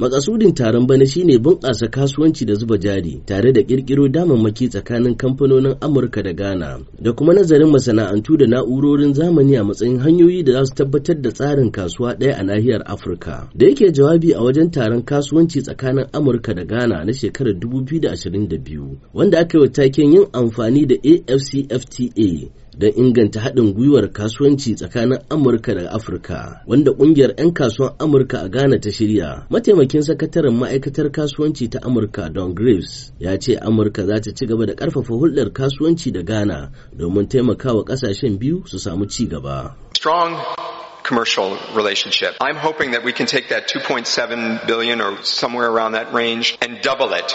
Makasudin taron bana shine bunƙasa kasuwanci da zuba jari tare da ƙirƙiro damammaki tsakanin kamfanonin Amurka da Ghana da kuma nazarin masana'antu da na'urorin zamani a matsayin hanyoyi da za su tabbatar da tsarin kasuwa ɗaya a nahiyar Afirka. Da yake jawabi a wajen taron kasuwanci tsakanin Amurka da Ghana na shekarar 2022 wanda aka yi taken yin amfani da AFCFTA don inganta haɗin gwiwar kasuwanci tsakanin Amurka da Afirka wanda ƙungiyar 'yan kasuwan Amurka a Ghana ta shirya. Mataimakin sakataren ma'aikatar kasuwanci ta Amurka Don Graves ya ce Amurka za ta ci gaba da ƙarfafa hulɗar kasuwanci da Ghana domin taimakawa ƙasashen biyu su samu ci gaba. commercial relationship. I'm hoping that we can take that 2.7 billion or somewhere around that range and double it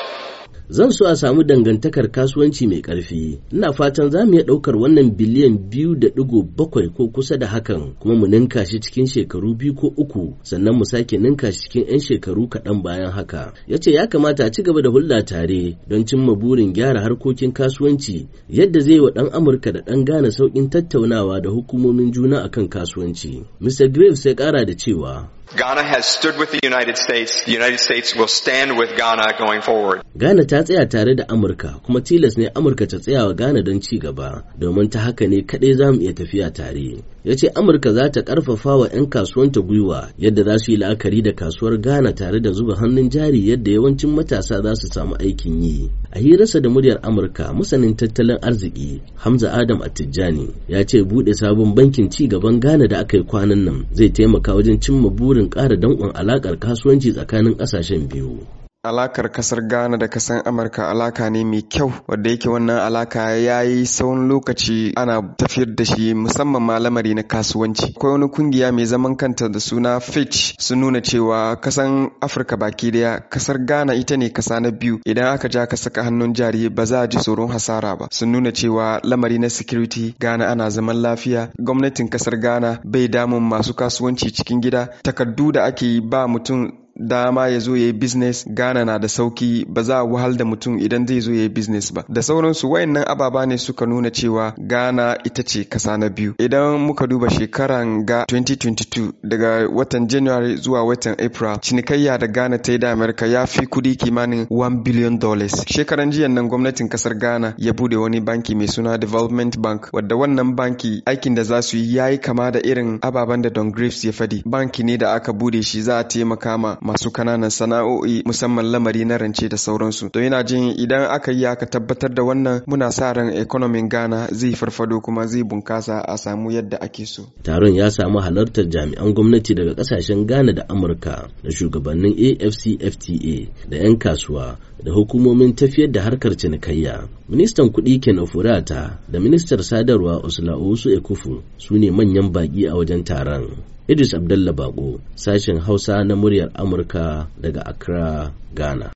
zan so a samu dangantakar kasuwanci mai ƙarfi ina fatan za mu iya ɗaukar wannan biliyan biyu da ɗigo bakwai ko kusa da hakan kuma mu ninka shi cikin shekaru biyu ko uku sannan mu sake ninka shi cikin 'yan shekaru kaɗan bayan haka ya ce ya kamata a ci gaba da hulɗa tare don cimma burin gyara harkokin kasuwanci yadda zai wa ɗan amurka da ɗan gane sauƙin tattaunawa da hukumomin juna akan kasuwanci mr graves ya ƙara da cewa Ghana has stood with the United States. The United States will stand with Ghana going forward. Ghana ta tsaya tare da Amurka kuma tilas ne Amurka ta tsaya wa Ghana don ci gaba domin ta haka ne kaɗai za mu iya tafiya tare. Ya ce Amurka za ta ƙarfafa wa 'yan kasuwanta gwiwa yadda za su yi la'akari da kasuwar Ghana tare da zuba hannun jari yadda yawancin matasa za su samu aikin yi. a hirarsa da muryar amurka masanin tattalin arziki hamza adam attijani ya ce bude sabon bankin ci gaban ghana da aka yi kwanan nan zai taimaka wajen cimma burin ƙara danƙon alakar kasuwanci tsakanin ƙasashen biyu alakar kasar Ghana da kasar Amurka alaka ne mai kyau wadda yake wannan alaka ya yi tsawon lokaci ana tafiyar da shi musamman ma lamari na kasuwanci. Akwai wani kungiya mai zaman kanta da suna Fitch sun nuna cewa kasan Afirka baki daya kasar Ghana ita ne kasa na biyu idan aka ja ka saka hannun jari ba za a ji tsoron hasara ba. Sun nuna cewa lamari na security Ghana ana zaman lafiya gwamnatin kasar Ghana bai damun masu kasuwanci cikin gida takardu da ake yi ba mutum dama ya zo ya yi business Ghana na da sauki ba za a wahal da mutum idan zai zo ya yi business ba da sauransu wayannan ababa ne suka nuna cewa gana ita ce kasa na biyu idan muka duba shekaran ga 2022 daga watan January zuwa watan April cinikayya da Ghana ta yi da america ya fi kudi kimanin 1 billion dollars shekaran jiyan nan gwamnatin kasar Ghana ya bude wani banki mai suna Development Bank wadda wannan banki aikin da za su yi ya yi kama da irin ababen da Don Graves ya fadi banki ne da aka bude shi za a taimaka ma masu kananan sana'o'i musamman lamari na rance da sauransu to ina jin idan aka yi aka tabbatar da wannan muna sa ran ekonomin ghana zai farfado kuma zai bunkasa a samu yadda ake so taron ya samu halartar jami'an gwamnati daga kasashen ghana da amurka da shugabannin afcfta da 'yan kasuwa da hukumomin tafiyar da harkar cinikayya ministan kuɗi kenan furata da ministar sadarwa osla osu ekufu su ne manyan baƙi a wajen taron Idris Abdalla Bako, sashen Hausa na muryar Amurka daga Accra, Ghana.